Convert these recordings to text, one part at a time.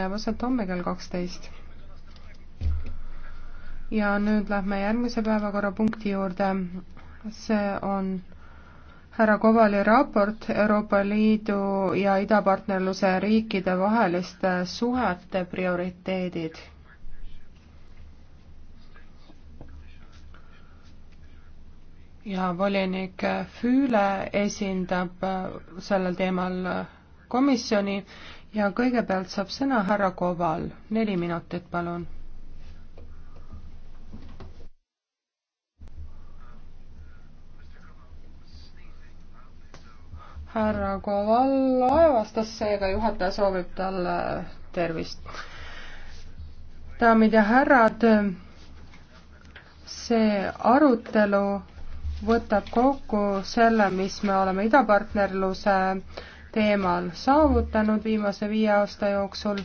jääb aset homme kell kaksteist. ja nüüd lähme järgmise päevakorrapunkti juurde. see on härra Kovali raport Euroopa Liidu ja idapartnerluse riikide vaheliste suhete prioriteedid. ja volinik Füüle esindab sellel teemal komisjoni ja kõigepealt saab sõna härra Koval, neli minutit, palun. härra Koval laevastas, seega juhataja soovib talle tervist. daamid ja härrad, see arutelu võtab kokku selle, mis me oleme idapartnerluse äh, teemal saavutanud viimase viie aasta jooksul.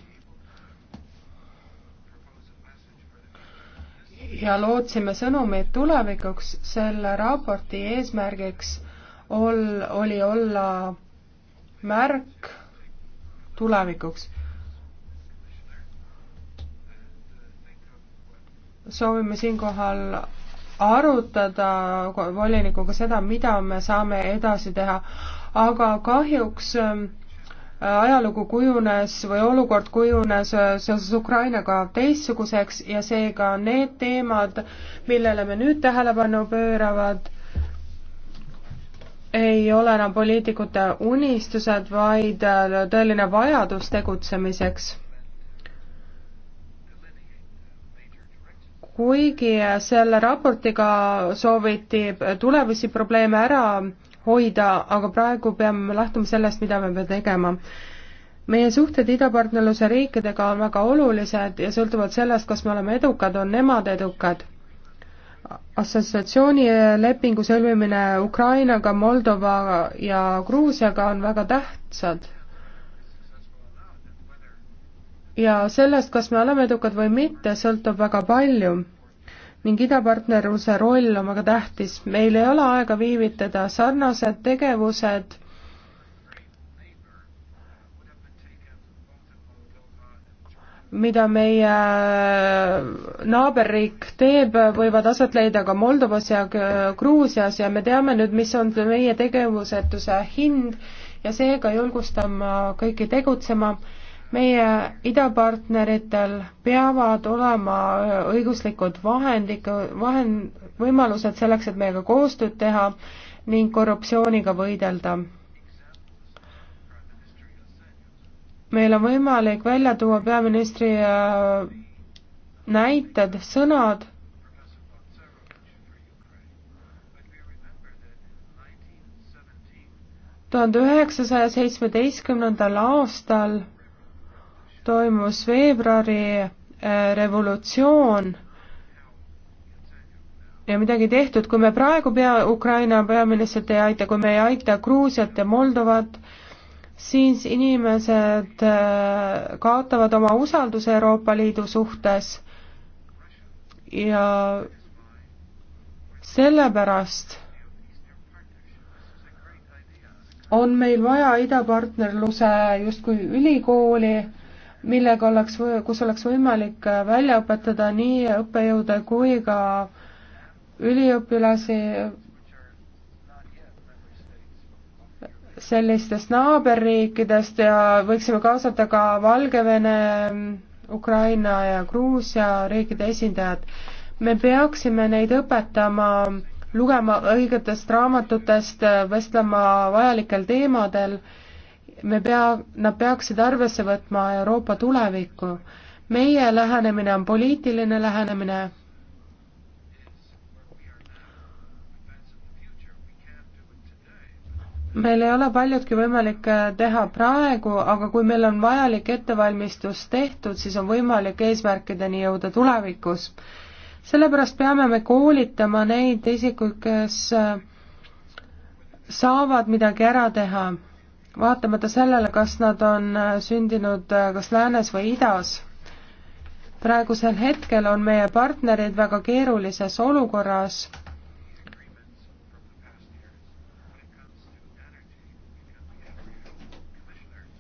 ja lootsime sõnumeid tulevikuks, selle raporti eesmärgiks ol-, oli olla märk tulevikuks. soovime siinkohal arutada volinikuga seda, mida me saame edasi teha aga kahjuks ähm, ajalugu kujunes või olukord kujunes äh, seoses Ukrainaga teistsuguseks ja seega need teemad, millele me nüüd tähelepanu pööravad, ei ole enam poliitikute unistused, vaid äh, tõeline vajadus tegutsemiseks. kuigi selle raportiga sooviti tulevasi probleeme ära hoida, aga praegu peame lähtuma sellest, mida me peame tegema. meie suhted idapartnerluse riikidega on väga olulised ja sõltuvad sellest, kas me oleme edukad, on nemad edukad. assotsiatsiooni lepingu sõlmimine Ukrainaga, Moldova ja Gruusiaga on väga tähtsad ja sellest, kas me oleme edukad või mitte, sõltub väga palju ning idapartnerluse roll on väga tähtis. meil ei ole aega viivitada, sarnased tegevused mida meie äh, naaberriik teeb, võivad aset leida ka Moldovas ja Gruusias ja me teame nüüd, mis on meie tegevusetuse hind ja seega julgustan ma kõiki tegutsema meie idapartneritel peavad olema äh, õiguslikud vahendid, vahend, võimalused selleks, et meiega koostööd teha ning korruptsiooniga võidelda. meil on võimalik välja tuua peaministri äh, näited, sõnad tuhande üheksasaja seitsmeteistkümnendal aastal toimus veebruari äh, revolutsioon ja midagi tehtud, kui me praegu pea, Ukraina peaministrit ei aita, kui me ei aita Gruusiat ja Moldovat, siis inimesed äh, kaotavad oma usalduse Euroopa Liidu suhtes ja sellepärast on meil vaja idapartnerluse justkui ülikooli, millega oleks, kus oleks võimalik äh, välja õpetada nii õppejõude kui ka üliõpilasi sellistest naaberriikidest ja võiksime kaasata ka Valgevene, Ukraina ja Gruusia riikide esindajad. me peaksime neid õpetama lugema õigetest raamatutest, vestlema vajalikel teemadel me pea, nad peaksid arvesse võtma Euroopa tulevikku. meie lähenemine on poliitiline lähenemine. meil ei ole paljutki võimalik teha praegu, aga kui meil on vajalik ettevalmistus tehtud, siis on võimalik eesmärkideni jõuda tulevikus. sellepärast peame me koolitama neid isikuid, kes saavad midagi ära teha vaatamata sellele, kas nad on äh, sündinud äh, kas läänes või idas. praegusel hetkel on meie partnerid väga keerulises olukorras.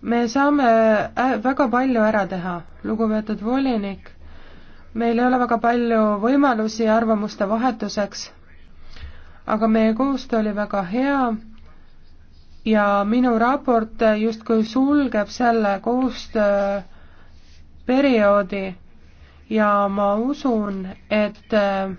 me saame äh, väga palju ära teha, lugupeetud volinik. meil ei ole väga palju võimalusi arvamuste vahetuseks, aga meie koostöö oli väga hea ja minu raport justkui sulgeb selle koostööperioodi ja ma usun, et äh,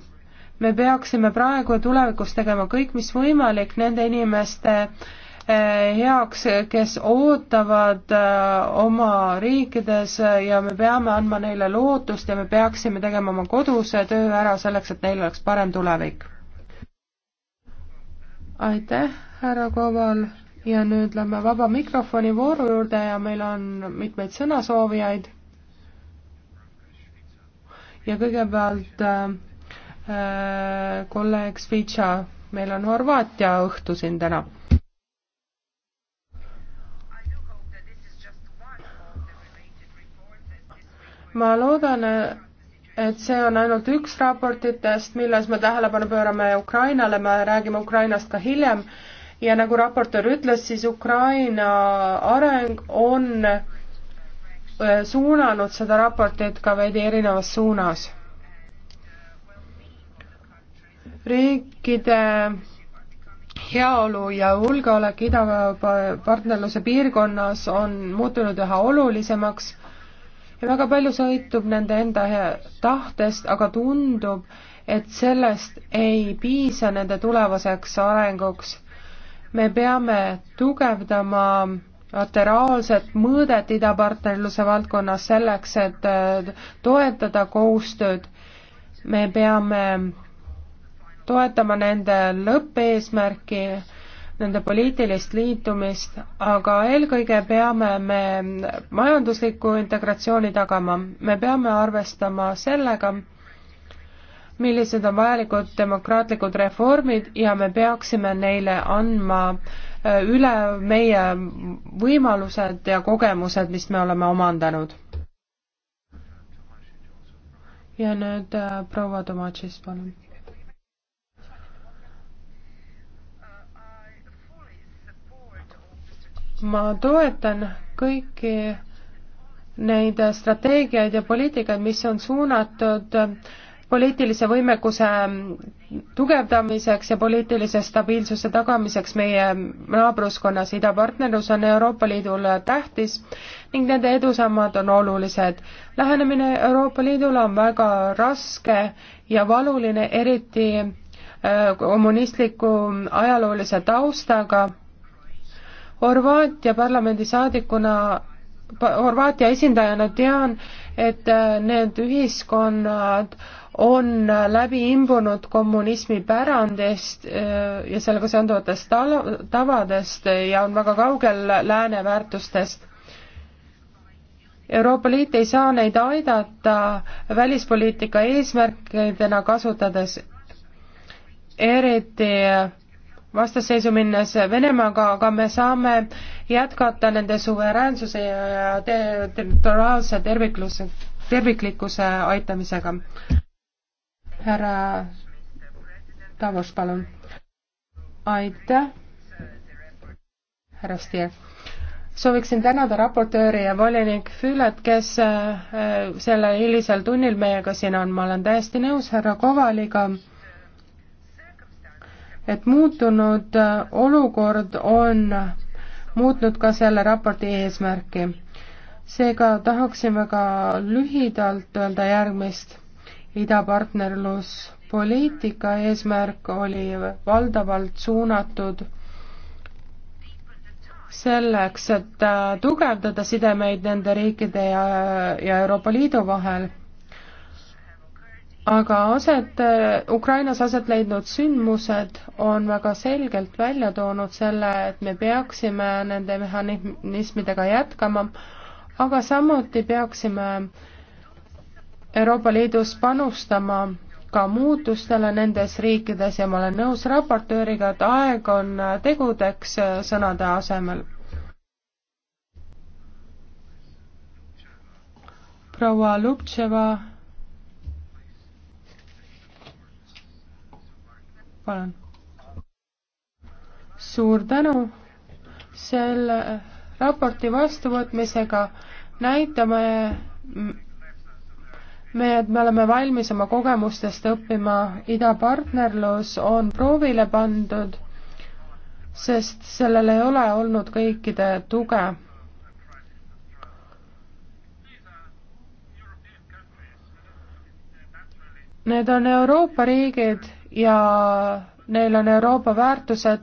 me peaksime praegu ja tulevikus tegema kõik, mis võimalik nende inimeste äh, heaks, kes ootavad äh, oma riikides ja me peame andma neile lootust ja me peaksime tegema oma koduse töö ära selleks, et neil oleks parem tulevik. aitäh, härra Koval ja nüüd lähme vaba mikrofoni vooru juurde ja meil on mitmeid sõnasoovijaid. ja kõigepealt äh, äh, kolleeg Svitša, meil on Horvaatia õhtu siin täna. ma loodan, et see on ainult üks raportitest, milles me tähelepanu pöörame Ukrainale, me räägime Ukrainast ka hiljem ja nagu raportöör ütles, siis Ukraina areng on äh, suunanud seda raportit ka veidi erinevas suunas. riikide heaolu ja julgeolek idapartnerluse piirkonnas on muutunud üha olulisemaks ja väga palju sõltub nende enda tahtest, aga tundub, et sellest ei piisa nende tulevaseks arenguks me peame tugevdama lateraalset mõõdet idapartnerluse valdkonnas selleks, et äh, toetada koostööd. me peame toetama nende lõppeesmärki, nende poliitilist liitumist, aga eelkõige peame me majandusliku integratsiooni tagama. me peame arvestama sellega, millised on vajalikud demokraatlikud reformid ja me peaksime neile andma äh, üle meie võimalused ja kogemused, mis me oleme omandanud. ja nüüd äh, proua Tomatšis, palun. ma toetan kõiki neid strateegiaid ja poliitikaid, mis on suunatud äh, poliitilise võimekuse tugevdamiseks ja poliitilise stabiilsuse tagamiseks meie naabruskonnas idapartnerlus on Euroopa Liidule tähtis ning nende edusammad on olulised. lähenemine Euroopa Liidule on väga raske ja valuline, eriti äh, kommunistliku ajaloolise taustaga. Horvaatia parlamendisaadikuna Horvaatia esindajana tean, et äh, need ühiskonnad on äh, läbi imbunud kommunismi pärandist äh, ja sellega seonduvatest tavadest ja on väga kaugel lääne väärtustest. Euroopa Liit ei saa neid aidata välispoliitika eesmärkidena kasutades, eriti vastasseisu minnes Venemaaga, aga me saame jätkata nende suveräänsuse ja territoriaalse tervikluse, terviklikkuse aitamisega. härra Tavos, palun. aitäh, härra Stier sooviksin tänada raportööri ja volinik Füület, kes äh, sellel hilisel tunnil meiega siin on, ma olen täiesti nõus härra Kovaliga et muutunud äh, olukord on muutnud ka selle raporti eesmärki. seega tahaksime ka lühidalt öelda järgmist. idapartnerluspoliitika eesmärk oli valdavalt suunatud selleks, et äh, tugevdada sidemeid nende riikide ja, ja Euroopa Liidu vahel aga aset, äh, Ukrainas aset leidnud sündmused on väga selgelt välja toonud selle, et me peaksime nende mehhanismidega jätkama, aga samuti peaksime Euroopa Liidus panustama ka muutustele nendes riikides ja ma olen nõus raportööriga, et aeg on tegudeks sõnade asemel. proua Lubtševa palun. suur tänu. selle raporti vastuvõtmisega näitame me, et me oleme valmis oma kogemustest õppima, idapartnerlus on proovile pandud, sest sellel ei ole olnud kõikide tuge. Need on Euroopa riigid, ja neil on Euroopa väärtused,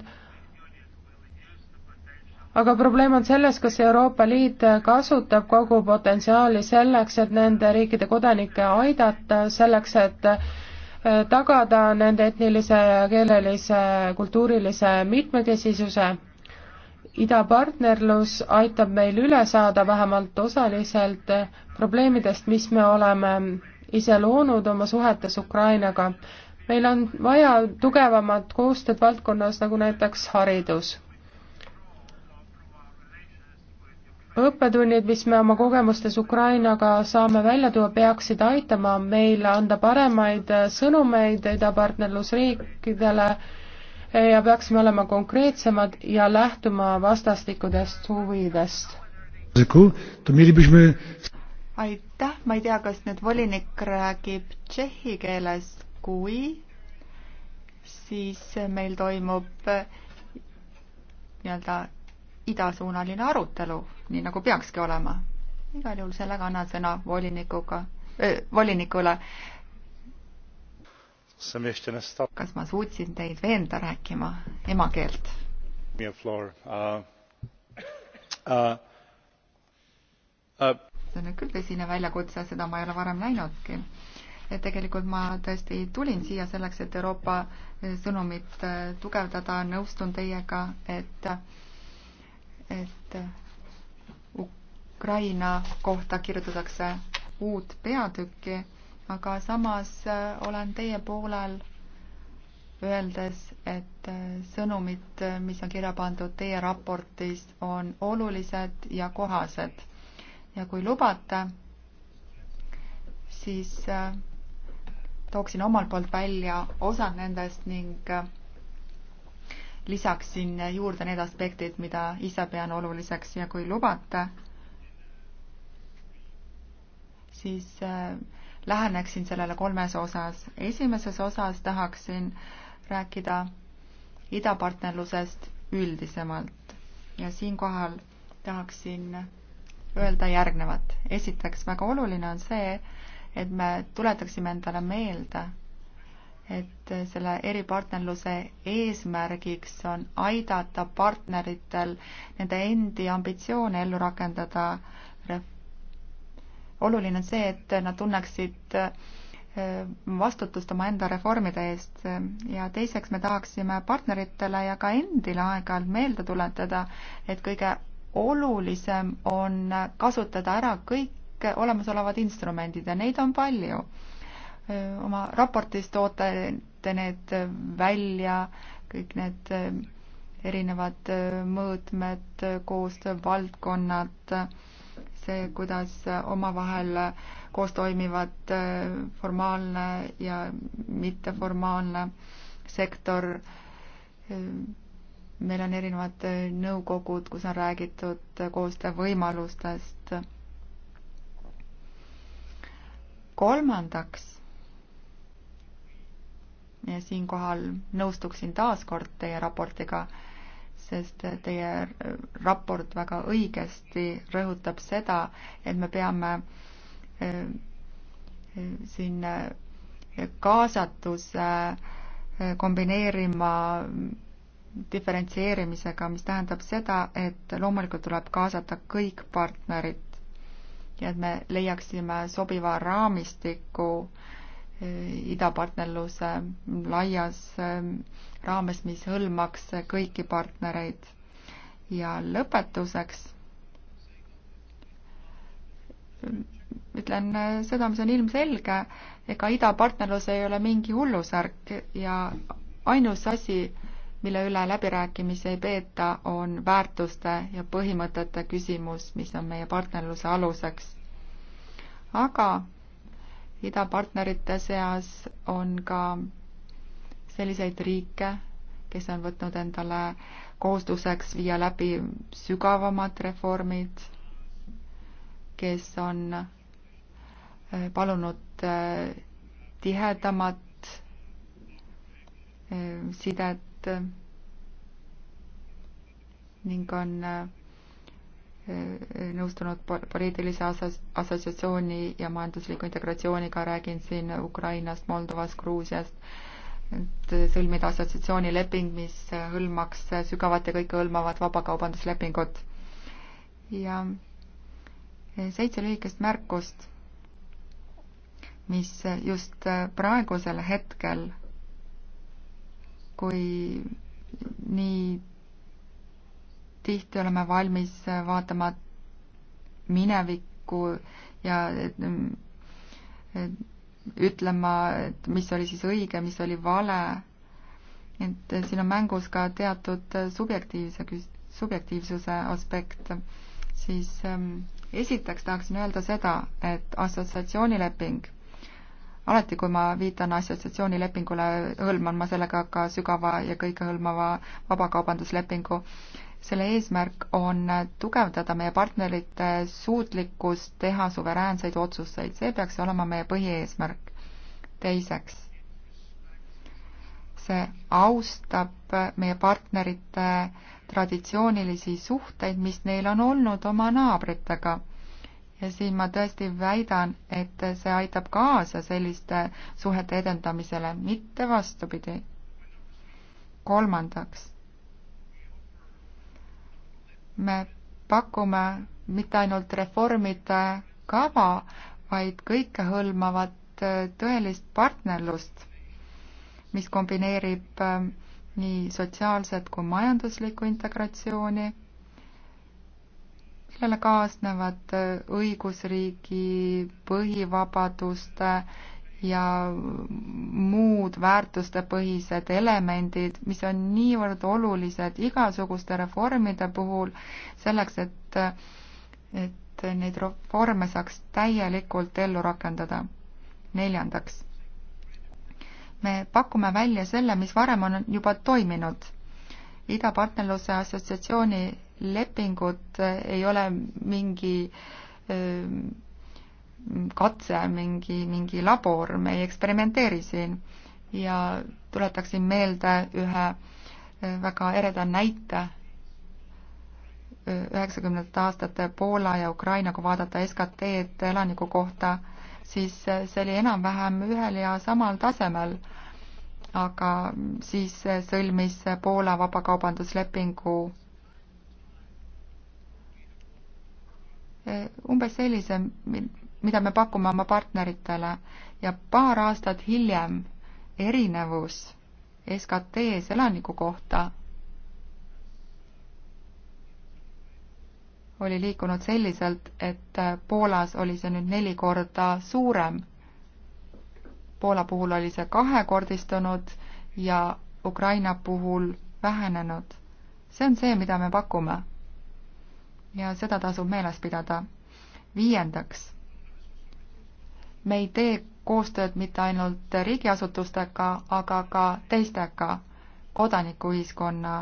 aga probleem on selles, kas Euroopa Liit kasutab kogu potentsiaali selleks, et nende riikide kodanikke aidata, selleks, et äh, tagada nende etnilise, keelelise, kultuurilise mitmekesisuse. idapartnerlus aitab meil üle saada vähemalt osaliselt äh, probleemidest, mis me oleme ise loonud oma suhetes Ukrainaga meil on vaja tugevamat koostööd valdkonnas, nagu näiteks haridus. õppetunnid, mis me oma kogemustes Ukrainaga saame välja tuua, peaksid aitama meil anda paremaid sõnumeid idapartnerlusriikidele ja peaksime olema konkreetsemad ja lähtuma vastastikudest huvidest. aitäh, ma ei tea, kas nüüd volinik räägib tšehhi keeles kui siis meil toimub äh, nii-öelda idasuunaline arutelu, nii nagu peakski olema. igal juhul sellega annan sõna volinikuga äh,, volinikule. kas ma suutsin teid veenda rääkima emakeelt? Uh, uh, uh. see on nüüd küll tõsine väljakutse, seda ma ei ole varem näinudki et tegelikult ma tõesti tulin siia selleks, et Euroopa eh, sõnumit eh, tugevdada, nõustun teiega, et, et Ukraina kohta kirjutatakse uut peatükki, aga samas eh, olen teie poolel öeldes, et sõnumid, mis on kirja pandud teie raportis, on olulised ja kohased. ja kui lubate, siis tooksin omalt poolt välja osad nendest ning äh, lisaksin juurde need aspektid, mida ise pean oluliseks ja kui lubate, siis äh, läheneksin sellele kolmes osas. esimeses osas tahaksin rääkida idapartnerlusest üldisemalt ja siinkohal tahaksin öelda järgnevat. esiteks, väga oluline on see, et me tuletaksime endale meelde, et selle eripartnerluse eesmärgiks on aidata partneritel nende endi ambitsioone ellu rakendada. oluline on see, et nad tunneksid eh, vastutust omaenda reformide eest ja teiseks me tahaksime partneritele ja ka endile aeg-ajalt meelde tuletada, et kõige olulisem on kasutada ära kõik kõik olemasolevad instrumendid ja neid on palju. oma raportis toote te need välja, kõik need erinevad mõõtmed, koostöövaldkonnad, see, kuidas omavahel koos toimivad formaalne ja mitteformaalne sektor. meil on erinevad nõukogud, kus on räägitud koostöövõimalustest kolmandaks, ja siinkohal nõustuksin taas kord teie raportiga, sest teie raport väga õigesti rõhutab seda, et me peame e, e, siin kaasatuse e, kombineerima diferentseerimisega, mis tähendab seda, et loomulikult tuleb kaasata kõik partnerid, ja et me leiaksime sobiva raamistiku eh, idapartnerluse laias eh, raames, mis hõlmaks kõiki partnereid. ja lõpetuseks eh, ütlen seda, mis on ilmselge, ega idapartnerlus ei ole mingi hullusärk ja ainus asi, mille üle läbirääkimisi ei peeta, on väärtuste ja põhimõtete küsimus, mis on meie partnerluse aluseks. aga idapartnerite seas on ka selliseid riike, kes on võtnud endale kohustuseks viia läbi sügavamad reformid, kes on eh, palunud eh, tihedamat eh, sidet eest ning on eh, nõustunud poliitilise assas-, assotsiatsiooni ja majandusliku integratsiooniga, räägin siin Ukrainast, Moldovast, Gruusiast, et sõlmida assotsiatsioonileping, mis hõlmaks sügavat ja kõikehõlmavat vabakaubanduslepingut. ja seitse lühikest märkust, mis just praegusel hetkel kui nii tihti oleme valmis vaatama minevikku ja ütlema, et mis oli siis õige, mis oli vale. et siin on mängus ka teatud subjektiivse, subjektiivsuse aspekt, siis ähm, esiteks tahaksin öelda seda, et assotsiatsioonileping alati, kui ma viitan assotsiatsioonilepingule, hõlman ma sellega ka sügava ja kõikehõlmava vabakaubanduslepingu. selle eesmärk on tugevdada meie partnerite suutlikkust teha suveräänseid otsuseid, see peaks olema meie põhieesmärk. teiseks, see austab meie partnerite traditsioonilisi suhteid, mis neil on olnud oma naabritega siin ma tõesti väidan, et see aitab kaasa selliste suhete edendamisele, mitte vastupidi. kolmandaks, me pakume mitte ainult reformide kava, vaid kõikehõlmavat äh, tõelist partnerlust, mis kombineerib äh, nii sotsiaalset kui majanduslikku integratsiooni sellele kaasnevad äh, õigusriigi põhivabaduste ja muud väärtustepõhised elemendid, mis on niivõrd olulised igasuguste reformide puhul selleks, et, et neid reforme saaks täielikult ellu rakendada. neljandaks, me pakume välja selle, mis varem on juba toiminud. idapartnerluse assotsiatsiooni lepingud ei ole mingi ähm, katse, mingi, mingi labor, me ei eksperimenteeri siin ja tuletaksin meelde ühe äh, väga ereda näite äh, üheksakümnendate aastate Poola ja Ukraina, kui vaadata SKT-d elaniku kohta, siis äh, see oli enam-vähem ühel ja samal tasemel. aga siis sõlmis Poola vabakaubanduslepingu Eh, umbes sellise, mida me pakume oma partneritele ja paar aastat hiljem erinevus SKT-s elaniku kohta oli liikunud selliselt, et eh, Poolas oli see nüüd neli korda suurem. Poola puhul oli see kahekordistunud ja Ukraina puhul vähenenud. see on see, mida me pakume ja seda tasub meeles pidada. viiendaks, me ei tee koostööd mitte ainult riigiasutustega, aga ka teistega kodanikuühiskonna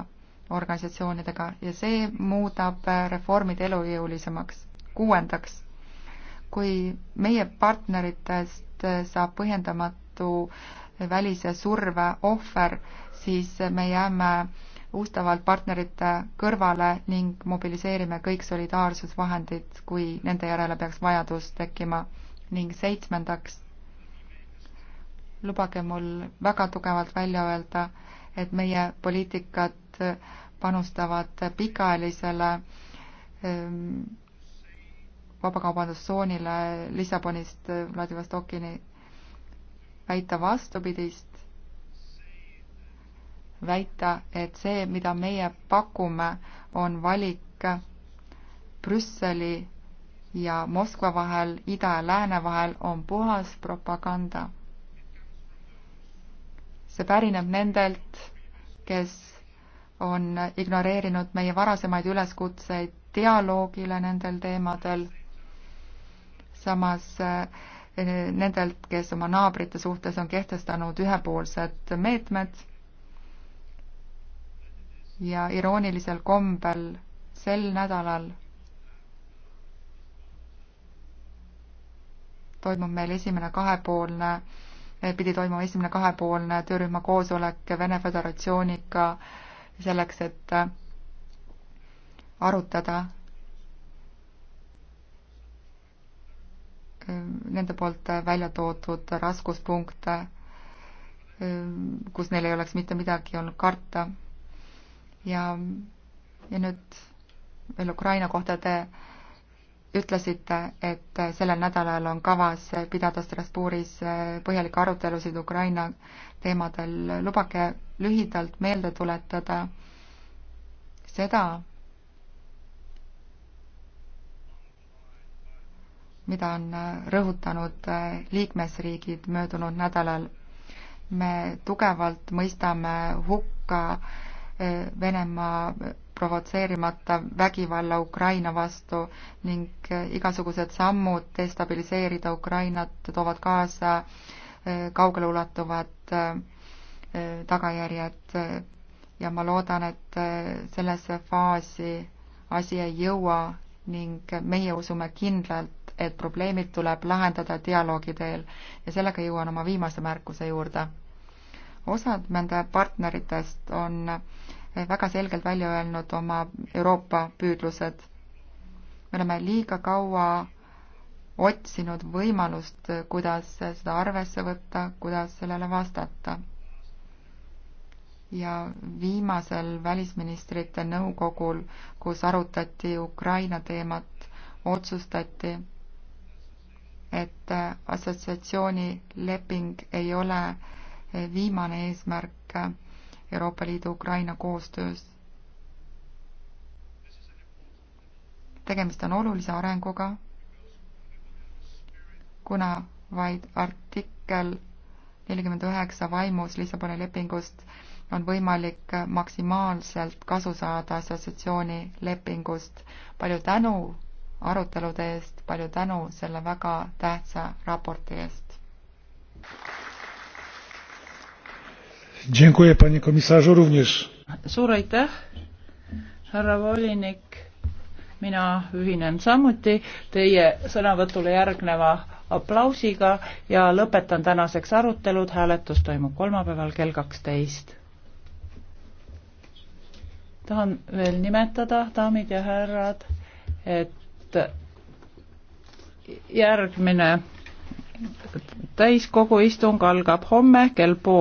organisatsioonidega ja see muudab reformid elujõulisemaks. kuuendaks, kui meie partneritest saab põhjendamatu välise surve ohver, siis me jääme ustavalt partnerite kõrvale ning mobiliseerime kõik solidaarsusvahendid, kui nende järele peaks vajadus tekkima. ning seitsmendaks, lubage mul väga tugevalt välja öelda, et meie poliitikad panustavad pikaajalisele ehm, vabakaubandustsoonile Lissabonist Vladivostokini väita vastupidist, väita, et see, mida meie pakume, on valik Brüsseli ja Moskva vahel, ida ja lääne vahel, on puhas propaganda. see pärineb nendelt, kes on ignoreerinud meie varasemaid üleskutseid dialoogile nendel teemadel, samas eh, nendelt, kes oma naabrite suhtes on kehtestanud ühepoolsed meetmed ja iroonilisel kombel sel nädalal toimub meil esimene kahepoolne, pidi toimuma esimene kahepoolne töörühma koosolek Vene Föderatsiooniga selleks, et arutada ehm, nende poolt välja toodud raskuspunkte, ehm, kus neil ei oleks mitte midagi olnud karta ja, ja nüüd veel Ukraina kohta te ütlesite, et sellel nädalal on kavas pidada Strasbourgis äh, põhjalikke arutelusid Ukraina teemadel. lubage lühidalt meelde tuletada seda, mida on äh, rõhutanud äh, liikmesriigid möödunud nädalal. me tugevalt mõistame hukka Venemaa provotseerimata vägivalla Ukraina vastu ning igasugused sammud destabiliseerida Ukrainat toovad kaasa äh, kaugeleulatuvad äh, tagajärjed ja ma loodan, et äh, sellesse faasi asi ei jõua ning meie usume kindlalt, et probleemid tuleb lahendada dialoogi teel ja sellega jõuan oma viimase märkuse juurde osad nende partneritest on väga selgelt välja öelnud oma Euroopa püüdlused. me oleme liiga kaua otsinud võimalust, kuidas seda arvesse võtta, kuidas sellele vastata. ja viimasel välisministrite nõukogul, kus arutati Ukraina teemat, otsustati, et assotsiatsiooni leping ei ole viimane eesmärk Euroopa Liidu Ukraina koostöös. tegemist on olulise arenguga, kuna vaid artikkel nelikümmend üheksa vaimus Lissaboni lepingust on võimalik maksimaalselt kasu saada assotsiatsiooni lepingust. palju tänu arutelude eest, palju tänu selle väga tähtsa raporti eest! Dziękuję, panie komisarzu, również. suur aitäh, härra volinik. mina ühinen samuti teie sõnavõtule järgneva aplausiga ja lõpetan tänaseks arutelud. hääletus toimub kolmapäeval kell kaksteist. tahan veel nimetada, daamid ja härrad, et järgmine täiskogu istung algab homme kell pool